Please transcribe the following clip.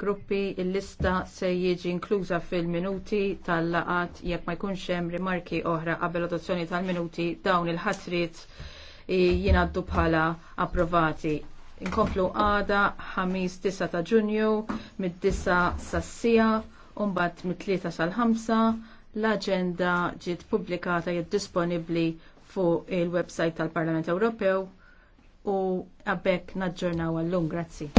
gruppi il-lista se jiġi inkluża fil-minuti tal-laqat jekk ma jkunx hemm rimarki oħra qabel adozzjoni tal-minuti dawn il-ħasrit jingħaddu bħala approvati. Inkomplu għada ħamis 9 ta' Ġunju mid-9 sas-sija u mbagħad mit-3 sal ħamsa l-aġenda ġiet pubblikata jiet disponibbli fuq il-website tal-Parlament Ewropew u għabbek naġġornaw għallum, grazzi.